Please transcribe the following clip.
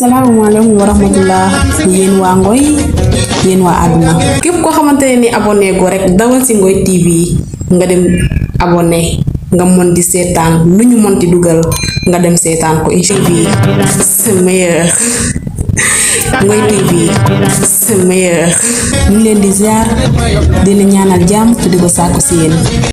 salaamaaleykum wa rahmatullah yéen waa Ngoy yéen waa àdduna képp koo xamante ni abonné go rek dawal si Ngoy TV nga dem abonné nga mën di seetaan lu ñu mën di dugal nga dem seetaan ko incha allah c'est meilleur Ngoy TV c'est meilleur leen di ziar di la ñaanal jàmm te di si yéen.